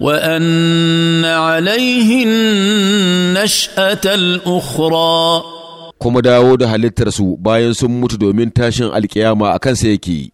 وأن عليه النشأة الأخرى kuma dawo da halittarsu bayan sun mutu domin tashin alkiyama a kansa yake